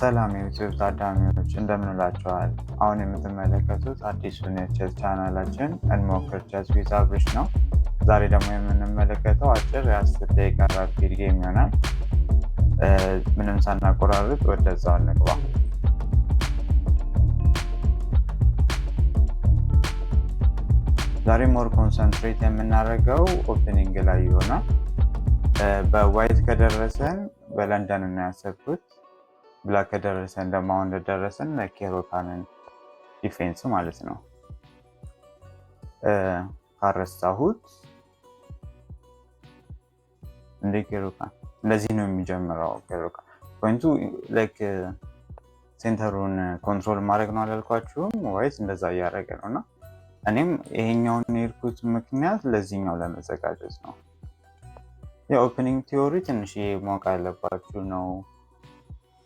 ሰላም ዩቲዩብ ታዳሚዎች እንደምንላቸዋል። አሁን የምትመለከቱት አዲሱን የቼዝ ቻናላችን እንሞክር ቼዝ ዊዝ ነው። ዛሬ ደግሞ የምንመለከተው አጭር የአስር ደቂቃ ራፒድ ጌም ይሆናል። ምንም ሳናቆራርጥ ወደዛው እንግባ። ዛሬ ሞር ኮንሰንትሬት የምናደርገው ኦፕኒንግ ላይ ይሆናል። በዋይት ከደረሰን በለንደን ነው ያሰብኩት ብላ ከደረሰን ደግሞ አሁን እንደደረሰን ኬሮታንን ዲፌንስ ማለት ነው ካረሳሁት እንደ ኬሮታን እንደዚህ ነው የሚጀምረው። ኬሮታ ፖንቱ ሴንተሩን ኮንትሮል ማድረግ ነው አላልኳችሁም ወይስ? እንደዛ እያደረገ ነው እና እኔም ይሄኛውን የርኩት ምክንያት ለዚህኛው ለመዘጋጀት ነው። የኦፕኒንግ ቲዮሪ ትንሽ ማወቅ ያለባችሁ ነው።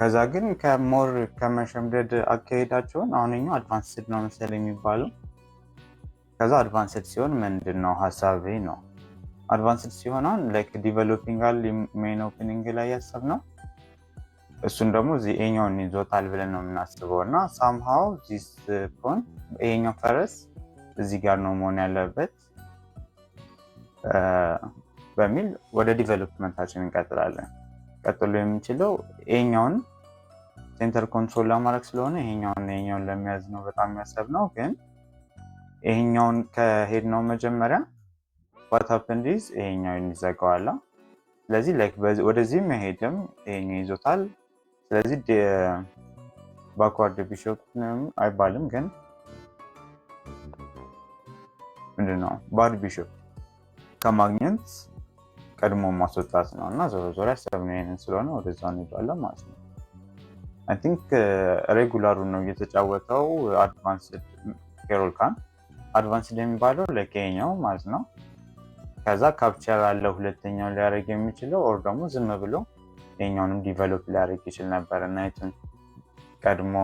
ከዛ ግን ከሞር ከመሸምደድ አካሄዳቸውን አሁንኛው አድቫንስድ ነው መሰል የሚባለው። ከዛ አድቫንስድ ሲሆን ምንድን ነው ሀሳብ ነው አድቫንስድ ሲሆን አሁን ሜን ኦፕኒንግ ላይ ያሰብ ነው። እሱን ደግሞ እዚህ ኤኛውን ይዞታል ብለን ነው የምናስበው እና ሳምሃው ዚስ ፖን ኤኛው ፈረስ እዚህ ጋር ነው መሆን ያለበት በሚል ወደ ዲቨሎፕመንታችን እንቀጥላለን። ቀጥሎ የምንችለው ኤኛውን ሴንተር ኮንትሮል ለማድረግ ስለሆነ ይሄኛውን ይሄኛውን ለሚያዝ ነው በጣም የሚያሰብ ነው። ግን ይሄኛውን ከሄድ ነው መጀመሪያ ዋትፕ እንዲይዝ ይሄኛውን ይዘጋዋላ። ስለዚህ ላይክ ወደዚህ መሄድም ይሄኛው ይዞታል። ስለዚህ ባክዋርድ ቢሾፕ አይባልም፣ ግን ምንድን ነው ባድ ቢሾፕ ከማግኘት ቀድሞ ማስወጣት ነው እና ዞሮ ዞሮ ያሰብነው ይሄንን ስለሆነ ወደዛ እንሄዳለን ማለት ነው። አይ ቲንክ ሬጉላሩን ነው እየተጫወተው። አድቫንስድ ኬሮል ካን አድቫንስድ የሚባለው ለቀኛው ማለት ነው። ከዛ ካፕቸር አለ ሁለተኛው ሊያደርግ የሚችለው ኦር ደግሞ ዝም ብሎ የኛውንም ዲቨሎፕ ሊያደርግ ይችል ነበር እና የቱን ቀድሞ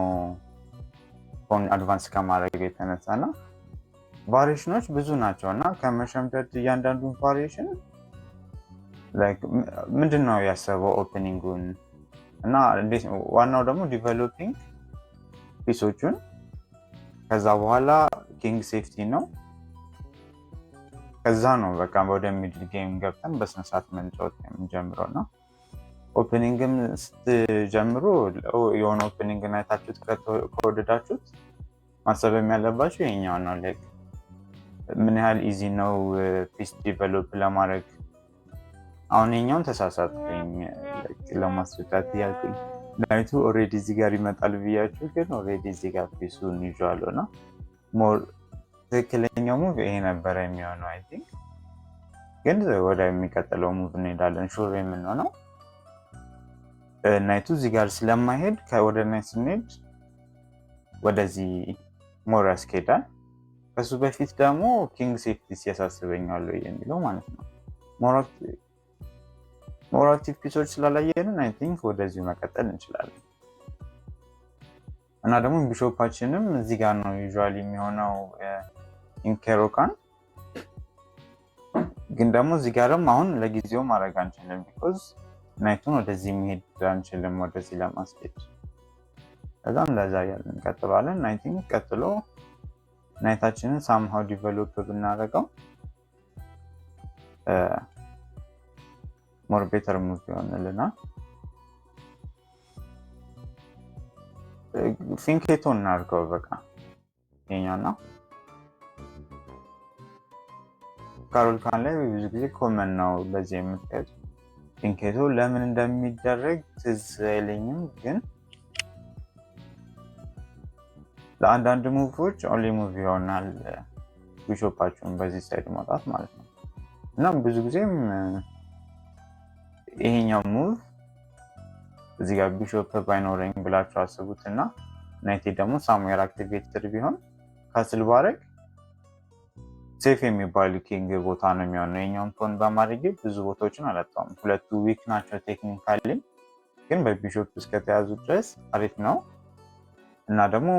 አድቫንስ ከማድረግ የተነሳ ና ቫሪሽኖች ብዙ ናቸው እና ከመሸምደድ እያንዳንዱን ቫሪሽን ምንድን ነው ያሰበው ኦፕኒንጉን እና ዋናው ደግሞ ዲቨሎፒንግ ፒሶቹን ከዛ በኋላ ኪንግ ሴፍቲ ነው። ከዛ ነው በቃ ወደ ሚድል ጌም ገብተን በስነሳት መንጫወት የምንጀምረው እና ኦፕኒንግም ስትጀምሩ የሆነ ኦፕኒንግ አይታችሁት ከወደዳችሁት ማሰብ የሚያለባቸው ይሄኛው ነው። ምን ያህል ኢዚ ነው ፒስ ዲቨሎፕ ለማድረግ አሁን የኛውን ተሳሳትኩኝ ለማስወጣት እያልኩኝ ላይቱ ኦልሬዲ እዚህ ጋር ይመጣል ብያችሁ፣ ግን ኦልሬዲ እዚህ ጋር ፒሱን ይዤዋለሁ እና ሞር ትክክለኛው ሙቭ ይሄ ነበረ የሚሆነው አይ ቲንክ። ግን ወደ የሚቀጥለው ሙቭ እንሄዳለን ሹር የምንሆነው ናይቱ እዚህ ጋር ስለማይሄድ ወደ ናይት ስንሄድ ወደዚህ ሞር ያስኬዳል። ከሱ በፊት ደግሞ ኪንግ ሴፍቲ ሲያሳስበኛሉ የሚለው ማለት ነው ሞራት አክቲቭ ፒሶች ስላላየንን አይ ቲንክ ወደዚሁ መቀጠል እንችላለን። እና ደግሞ ቢሾፓችንም እዚህ ጋር ነው ዩዥዋሊ የሚሆነው ኢንኬሮካን ግን ደግሞ እዚህ ጋር ደግሞ አሁን ለጊዜው ማድረግ አንችልም፣ ቢኮዝ ናይቱን ወደዚህ መሄድ አንችልም፣ ወደዚህ ለማስኬድ ከዛም ለዛ ያለ እንቀጥላለን። ቲንክ ቀጥሎ ናይታችንን ሳምሃው ዲቨሎፕ ብናደርገው ሞርቤተርሙዝ ቢሆንልና ፊንኬቶ እናድርገው። በቃ ይሄኛና ካሮል ካን ላይ ብዙ ጊዜ ኮመን ነው በዚህ የምትገጭ ፊንኬቶ ለምን እንደሚደረግ ትዝ አይለኝም፣ ግን ለአንዳንድ ሙቪዎች ኦንሊ ሙቪ ይሆናል። ቢሾፓችሁን በዚህ ሳይድ ማውጣት ማለት ነው እና ብዙ ጊዜም ይሄኛው ሙቭ እዚህ ጋር ቢሾፕ ባይኖረኝ ብላችሁ አስቡት እና ናይቴ ደግሞ ሳሙኤል አክቲቬትድ ቢሆን ከስል ባረግ ሴፍ የሚባል ኪንግ ቦታ ነው የሚሆነው። የኛውን ቶን በማድረግ ብዙ ቦታዎችን አላጣውም። ሁለቱ ዊክ ናቸው ቴክኒካሊ፣ ግን በቢሾፕ እስከተያዙ ድረስ አሪፍ ነው እና ደግሞ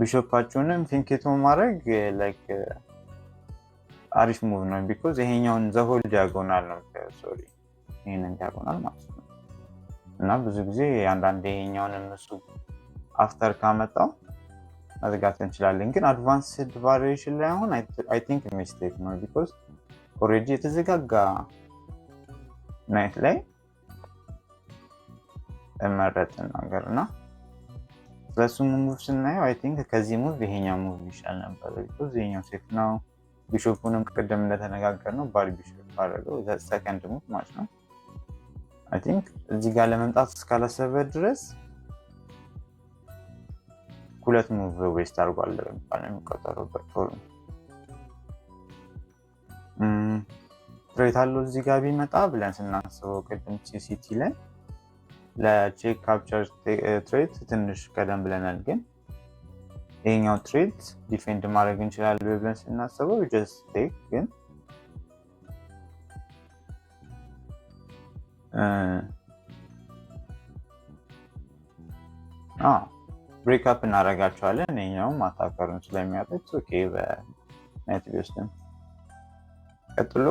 ቢሾፓችሁንም ፊንኬቶ ማድረግ ላይክ አሪፍ ሙቭ ነው። ቢኮዝ ይሄኛውን ዘሆል ዲያጎናል ነው ሶሪ፣ ይህንን ዲያጎናል ማለት ነው። እና ብዙ ጊዜ አንዳንድ ይሄኛውን እነሱ አፍተር ካመጣው መዝጋት እንችላለን። ግን አድቫንስድ ቫሪዬሽን ላይ አሁን አይ ቲንክ ሚስቴክ ነው። ቢኮዝ ኦልሬዲ የተዘጋጋ ናይት ላይ እመረጥን ነገር እና ስለሱ ሙቭ ስናየው አይ ቲንክ ከዚህ ሙቭ ይሄኛው ሙቭ ይሻል ነበር። ቢኮዝ ይሄኛው ሴፍ ነው። ቢሾፑንም ቅድም እንደተነጋገር ነው ባል ቢሾፕ አደረገው ሰከንድ ሙቭ ማለት ነው። አይ ቲንክ እዚህ ጋር ለመምጣት እስካላሰበ ድረስ ሁለት ሙቭ ዌስት አድርጓል በሚባል ነው የሚቆጠረው። በቶሎ ትሬት አለው እዚህ ጋር ቢመጣ ብለን ስናስበው ቅድም ሲሲቲ ላይ ለቼክ ካፕቸር ትሬት ትንሽ ቀደም ብለናል ግን ይሄኛው ትሬድ ዲፌንድ ማድረግ እንችላለን ብለን ስናስበው ጀስት ቴክ ግን ብሬክ አፕ እናደርጋቸዋለን። ይሄኛውም አታከሩን ስለሚያጠች ኦኬ በነት ቢወስድም ቀጥሎ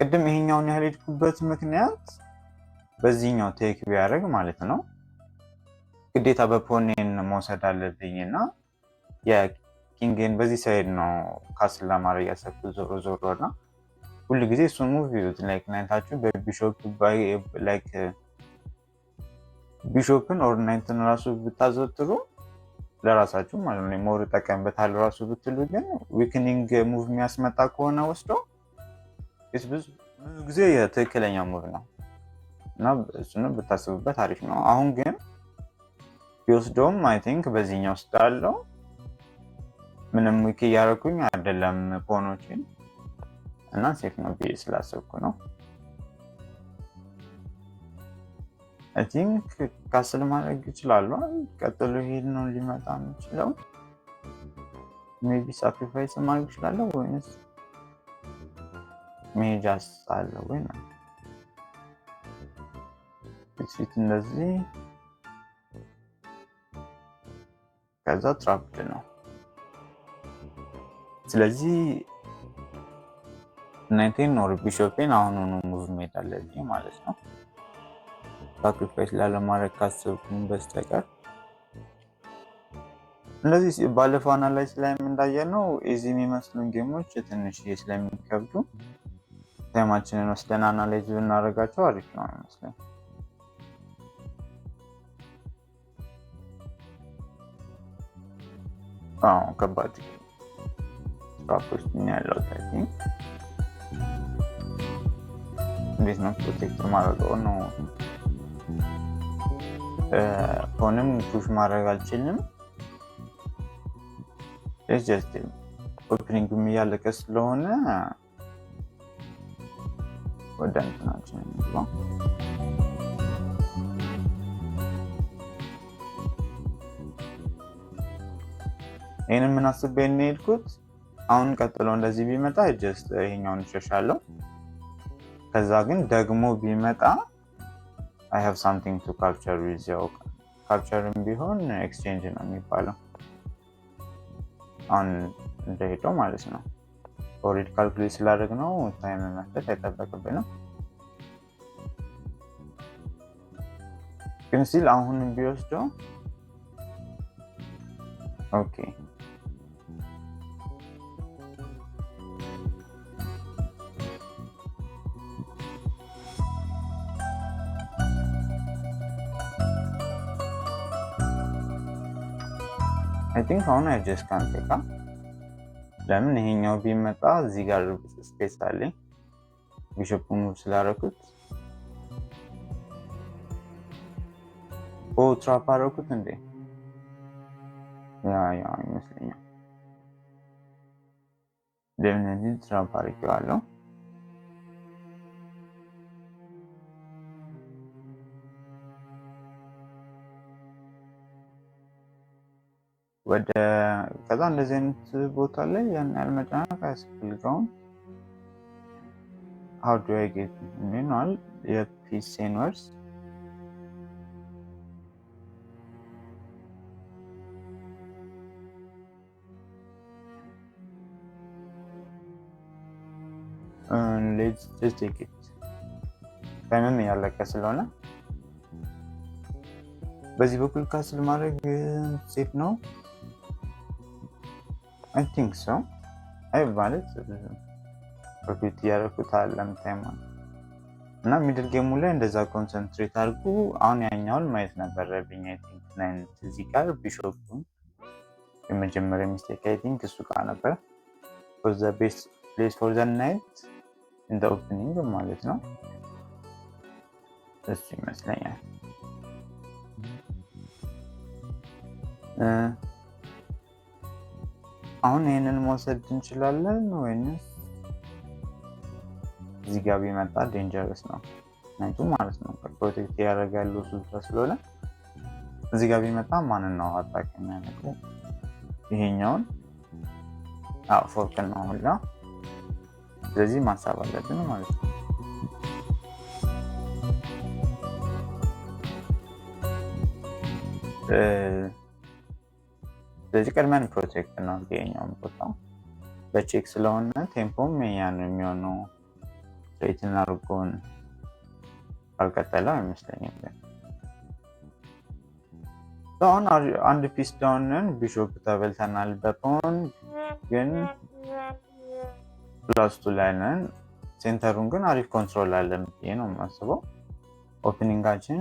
ቅድም ይሄኛውን ሄድኩበት ምክንያት በዚህኛው ቴክ ቢያደርግ ማለት ነው ግዴታ በፖኔን መውሰድ አለብኝ እና የኪንግን በዚህ ሳይድ ነው ካስል ለማድረግ ያሰብኩ ዞሮ ዞሮ እና ሁሉ ጊዜ እሱን ሙቭ ይዩት ላይክ ናይንታችሁን በቢሾፕ ላይክ ቢሾፕን ኦር ናይንትን ራሱ ብታዘወትሩ ለራሳችሁ ማለት ነው ሞር ጠቀምበታል ራሱ ብትሉ ግን ዊክኒንግ ሙቭ የሚያስመጣ ከሆነ ወስዶ ብዙ ጊዜ የትክክለኛ ሙቭ ነው እና እሱንም ብታስቡበት አሪፍ ነው አሁን ግን ቢወስደውም አይ ቲንክ በዚህኛው ውስጥ አለው። ምንም ዊክ እያደረኩኝ አይደለም ፖኖችን እና ሴፍ ነው ብዬ ስላሰብኩ ነው። አይ ቲንክ ካስል ማድረግ ይችላሉ። ቀጥሎ ይሄድ ነው ሊመጣ የሚችለው ሜቢ ሳክሪፋይስ ማድረግ ይችላለሁ ወይንስ መሄጃስ አለው ወይ ነው ፊት እንደዚህ ከዛ ትራፕድ ነው። ስለዚህ ናይንቴን ኖር ቢሾፔን አሁኑኑ ሙቭ ሜድ አለብኝ ማለት ነው። ሳክሪፋይስ ላለማድረግ ካሰብኩም በስተቀር እንደዚህ ባለፈው አናላይዝ ላይ እንዳየነው እዚህ የሚመስሉ ጌሞች ትንሽዬ ስለሚከብዱ ታይማችንን ወስደን አናላይዝ ብናደርጋቸው አሪፍ ነው ይመስለኝ። ከባድ ስካፎች ያለው ታይ እንዴት ነው ፕሮቴክት ማድረገው ነው። ሆንም ፑሽ ማድረግ አልችልም። ጀስት ኦፕኒንግም እያለቀ ስለሆነ ወደ እንትናችን ነው ይህን ምን አስቤ የሄድኩት አሁን ቀጥሎ እንደዚህ ቢመጣ ጀስት ይሄኛውን እሸሻለሁ። ከዛ ግን ደግሞ ቢመጣ አይ ሃቭ ሳምቲንግ ቱ ካፕቸር ዊዝ ያው ካፕቸርም ቢሆን ኤክስቼንጅ ነው የሚባለው። አሁን እንደሄደው ማለት ነው። ኦልሬዲ ካልኩሌት ስላደረግ ነው ታይም መስጠት አይጠበቅብንም። ግን ሲል አሁንም ቢወስደው ኦኬ ሴቲንግ አሁን አድጀስት ካንቴካ ለምን ይሄኛው ቢመጣ እዚህ ጋር ስፔስ አለኝ ቢሾፕ ስላረኩት ስላደረኩት ትራፕ አደረኩት እንዴ ይመስለኛል ለምን ትራፕ አድርጌዋለሁ ወደ ከዛ እንደዚህ አይነት ቦታ ላይ ያን ያህል መጨናነቅ አያስፈልገውም። ሀው ዱ አይ ጌት ሚኗል የፒስ ዩኒቨርስ ታይምም እያለቀ ስለሆነ በዚህ በኩል ካስል ማድረግ ሴፍ ነው። አይ ቲንክ ሰው አይ ማለት በፊት እያደረኩት አለም ታይም እና ሚድል ጌሙ ላይ እንደዛ ኮንሰንትሬት አድርጉ። አሁን ያኛውን ማየት ነበረብኝ። አይ ቲንክ ናይንት እዚህ ጋር ቢሾፑን የመጀመሪያ ሚስቴክ አይ ቲንክ እሱ ጋር ነበር። ዘ ቤስት ፕሌስ ፎር ዘ ናይት እንደ ኦፕኒንግ ማለት ነው። እሱ ይመስለኛል። አሁን ይህንን መውሰድ እንችላለን ወይንስ እዚህ ጋር ቢመጣ ዴንጀረስ ነው ነጩ ማለት ነው። ፕሮቴክት ያደረገ ያለው እሱ ስለሆነ እዚህ ጋር ቢመጣ ማንን ነው አጣቂ የሚያደርገው? ይሄኛውን ፎርክን ነው ሁላ። ስለዚህ ማሳብ አለብን ማለት ነው። ስለዚህ ቀድመን ፕሮቴክት ነው የኛውን ቦታ በቼክ ስለሆነ ቴምፖም ያን የሚሆነው ሬትን አድርጎን አልቀጠለም አይመስለኝም። አሁን አንድ ፒስ ዳውንን ቢሾፕ ተበልተናል። በፖን ግን ፕላስቱ ላይ ነን። ሴንተሩን ግን አሪፍ ኮንትሮል አለን ነው የማስበው ኦፕኒንጋችን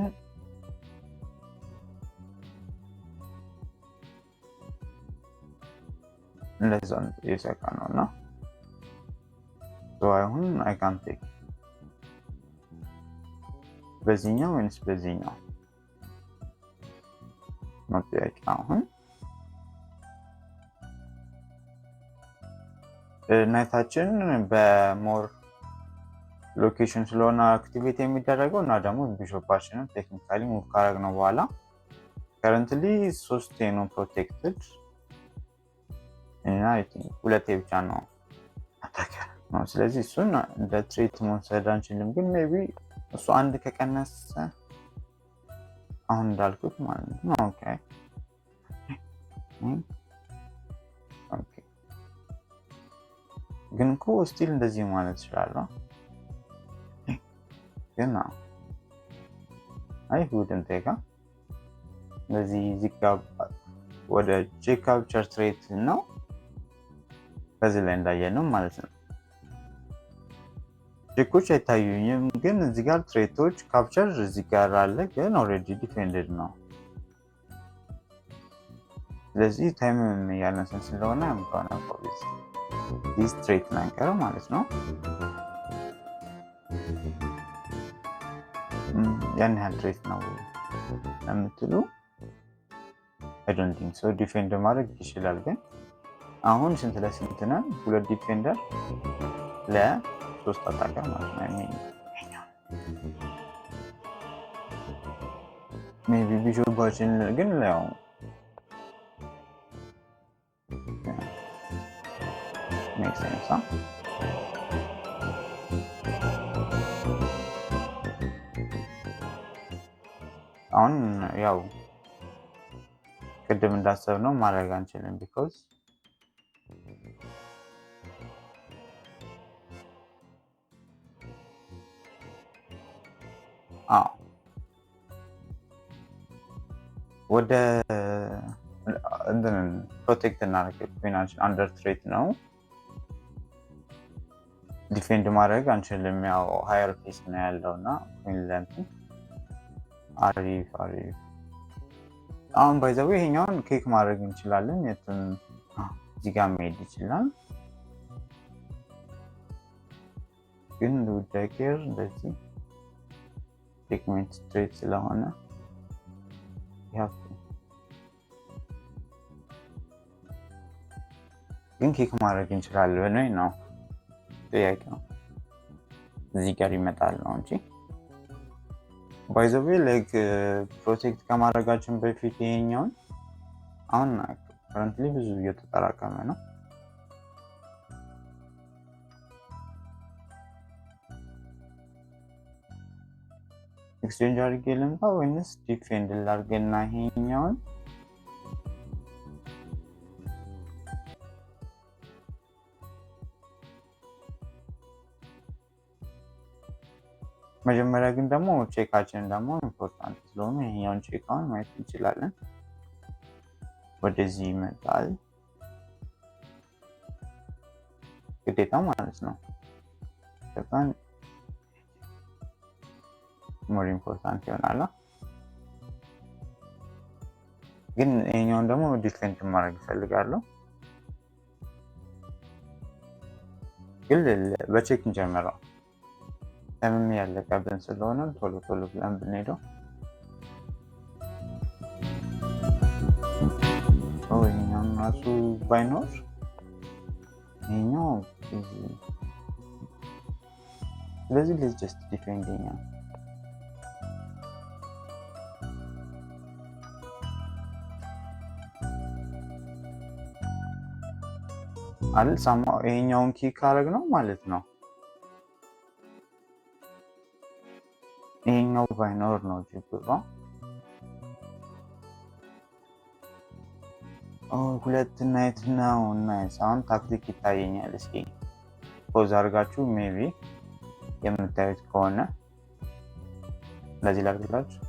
እንደዛ እየሰራ ነው እና አይሁን አይካንቴክ በዚህኛው ወይንስ በዚህኛው መጠያቂ አሁን ናይታችን በሞር ሎኬሽን ስለሆነ አክቲቬት የሚደረገው እና ደግሞ ቢሾፓችንን ቴክኒካሊ ሙቭ ካረግ ነው በኋላ ከረንትሊ ሶስት ነው ፕሮቴክትድ ሁለቴ ብቻ ነው ነው። ስለዚህ እሱን እንደ ትሬት መውሰድ አንችልም፣ ግን ሜይ ቢ እሱ አንድ ከቀነሰ አሁን እንዳልኩት ማለት ነው። ኦኬ ኦኬ። ግን እኮ ስቲል እንደዚህ ማለት ግን አይ ሁድን ቴካ እንደዚህ ዚጋ ወደ ቼክ ቸርትሬት ትሬት ነው ከዚህ ላይ እንዳየ ነው ማለት ነው። ቼኮች አይታዩኝም፣ ግን እዚህ ጋር ትሬቶች ካፕቸር እዚህ ጋር አለ፣ ግን ኦልሬዲ ዲፌንድድ ነው። ስለዚህ ታይም ያነሰን ስለሆነ ምጋና ፖሊስ ዲስ ትሬት ናንቀረ ማለት ነው። ያን ያህል ትሬት ነው የምትሉ አይዶንት ቲንክ ሰው ዲፌንድ ማድረግ ይችላል ግን አሁን ስንት ለስንት ነን? ሁለት ዲፌንደር ለሶስት አታከር ማለት ነው። ሜይ ቢ ቢሾባችን ግን ያው አሁን ያው ቅድም እንዳሰብ ነው ማድረግ አንችልም ቢኮዝ ወደ እንትንን ፕሮቴክት እናደርግ ቢናችን አንደር ትሬት ነው ዲፌንድ ማድረግ አንችልም። ያው ሀየር ፒስ ነው ያለው እና ፊንላንድ አሪፍ አሪፍ። አሁን ባይዘው ይሄኛውን ኬክ ማድረግ እንችላለን። የትም እዚህ መሄድ ይችላል። ግን ዱዳቄር እንደዚህ ዶክመንት ስትሬት ስለሆነ ግን ኬክ ማድረግ እንችላለን ብለኝ ነው ጥያቄ ነው። እዚህ ጋር ይመጣል ነው እንጂ ባይዘዌ ላይክ ፕሮቴክት ከማድረጋችን በፊት ይሄኛውን አሁን ከረንትሊ ብዙ እየተጠራቀመ ነው። ኤክስቼንጅ አድርጌ ልምጣ ወይንስ ዲፌንድ ላድርግና ይሄኛውን መጀመሪያ ግን ደግሞ ቼካችን ደግሞ ኢምፖርታንት ስለሆነ ይሄኛውን ቼካውን ማየት እንችላለን። ወደዚህ ይመጣል ግዴታ ማለት ነው። ሞር ኢምፖርታንት ይሆናል። ግን ይሄኛውን ደግሞ ዲክሊንግ ማድረግ ይፈልጋለሁ። ግን በቼክ እንጀምረው። ለምን ያለቀብን ስለሆነ ቶሎ ቶሎ ብለን ብንሄደው ይሄኛውን ራሱ ባይኖር ይሄኛው ስለዚህ ልጅ ጀስት ዲክሊንግ አይደል? ይሄኛውን ኪክ ካረግ ነው ማለት ነው። ይሄኛው ባይኖር ነው ችግሯ። ሁለት ናይት ነው። ናይስ። አሁን ታክቲክ ይታየኛል። እስኪ ፖዝ አድርጋችሁ ሜቢ የምታዩት ከሆነ ለዚህ ላድርግላችሁ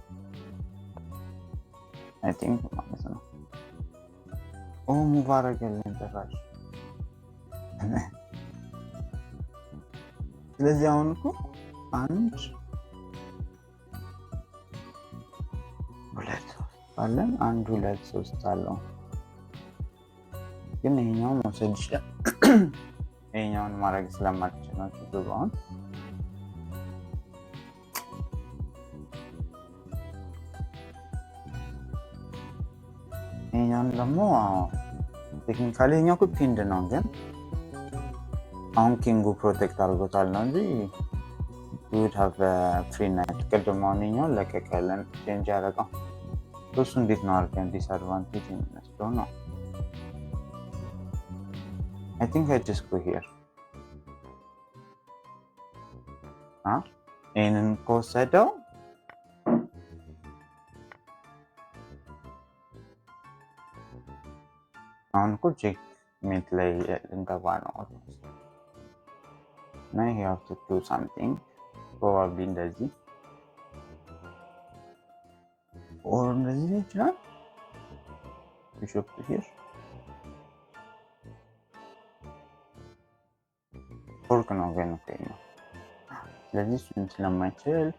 አይ ቲንክ ማለት ነው። ኦ ሙባረክ ያለን ጨራሽ ስለዚህ አሁን እኮ አንድ ሁለት አለን። አንድ ሁለት ሶስት አለው። ግን ይሄኛውን መውሰድ ይችላል። ይሄኛውን ማድረግ ስለማልችል ነው ችግሩ አሁን ይሄኛውን ደግሞ ቴክኒካሊ ይሄኛው ፒንድ ነው ግን አሁን ኪንጉ ፕሮቴክት አድርጎታል ነው እንጂ ዩድ ሀቭ ፍሪ ናይት ቅድም ማንኛውን ለቀቅ ቼንጅ ያደረገው እሱ እንዴት ነው አድርገን ዲስአድቫንቴጅ የሚመስለው ነው። አይ ቲንክ አይ ጀስት ጎ ሂር ይህንን ከወሰደው አሁን እኮ ቼክ ሜት ላይ ልንገባ ነው። May have to do something. Probably doesn't. Or does it lan? Bir şey yoktu here. Porque no ve noktaємо. ne? it la material?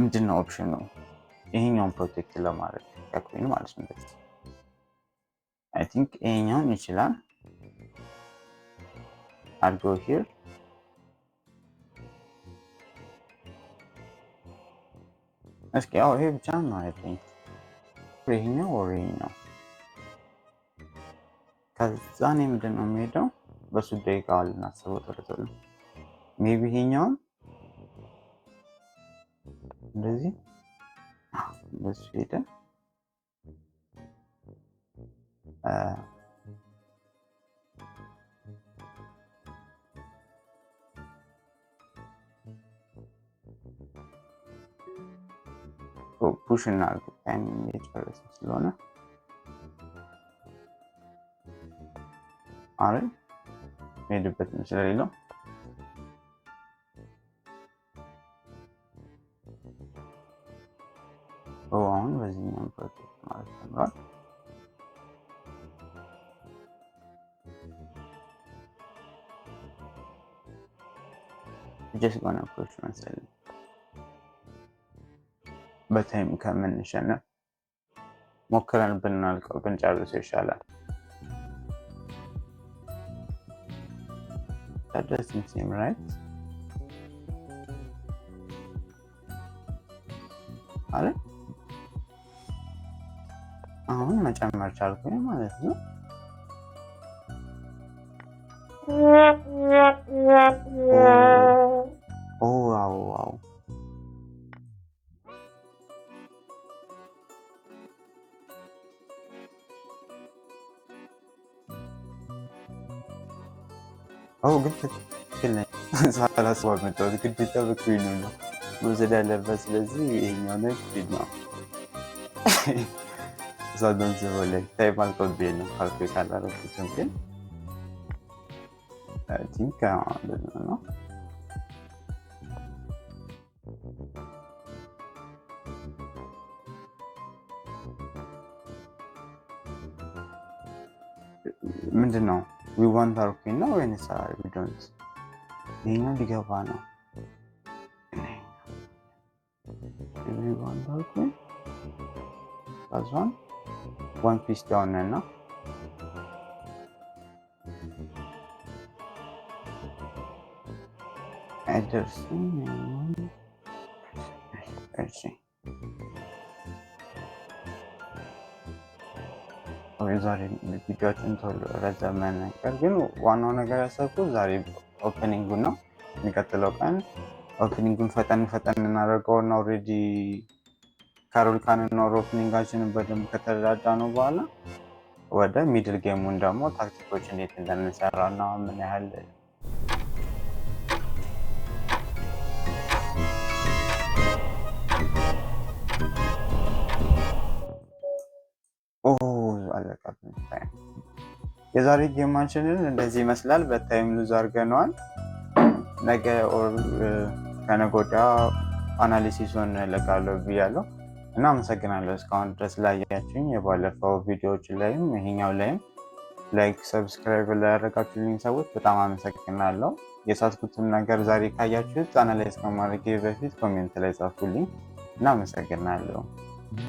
ምንድን ነው ኦፕሽኑ? ይሄኛውን ፕሮቴክት ለማድረግ ያቆይን ማለት ነው። አይ ቲንክ ይሄኛውን ይችላል I'll go here እስኪ ያው ይሄ ብቻ ነው አይ ቲንክ ይሄኛው ወር ይሄኛው ከዛ እኔ ምንድን ነው የሚሄደው በሱ ደቂቃ ልናስበው ቶሎ ሜቢ ይሄኛውን እንደዚህ በሱ ሄደ ፑሽ እናርግ። ታይም እየጨረስን ስለሆነ አረ ሄድበት ስለሌለው አሁን በዚህኛው ፕሮጀክት ማለት ጀምሯል። ጀስት ጎነ ፑሽ መሰለኝ በታይም ከምንሸንፍ ሞክረን ብናልቀው ብንጨርሰው ይሻላል። That አለ አሁን መጨመር ቻልኩኝ ማለት ነው። አሁ ግን ትክክል ነ ሳላስብ አልመጣሁት። ግዴታ በክሬን ነው መውሰድ ያለበት። ስለዚህ ይሄኛው ነ ክሬን ነው። እሳዶን ሲበላይ ታይም አልቆቤ ነው ካልኩሌት አላረኩትም ግን ቲንክ ነው necessary returns. Being a Vigavano. Everyone help me. Plus one. One No. down enough. Addressing and addressing. ዛሬ ቪዲዮችን ቶሎ ረዘመ ነገር ግን ዋናው ነገር ያሰብኩት ዛሬ ኦፕኒንጉን ነው። የሚቀጥለው ቀን ኦፕኒንጉን ፈጠን ፈጠን እናደርገው እና ኦልሬዲ ካሮል ካንን ኦፕኒንጋችንን በደንብ ከተረዳዳ ነው በኋላ ወደ ሚድል ጌሙን ደግሞ ታክቲኮች እንዴት እንደምንሰራ እና ምን ያህል የዛሬ ጌማችንን እንደዚህ ይመስላል። በታይም ሉዝ አድርገነዋል። ነገ ከነጎዳ ወዲያ አናሊሲሱን እለቃለሁ ብያለሁ እና አመሰግናለሁ እስካሁን ድረስ ላያችሁኝ። የባለፈው ቪዲዮዎች ላይም ይሄኛው ላይም ላይክ፣ ሰብስክራይብ ላያደረጋችሁልኝ ሰዎች በጣም አመሰግናለሁ። የሳትኩትን ነገር ዛሬ ካያችሁት አናላይዝ ከማድረግ በፊት ኮሜንት ላይ ጻፉልኝ እና አመሰግናለሁ።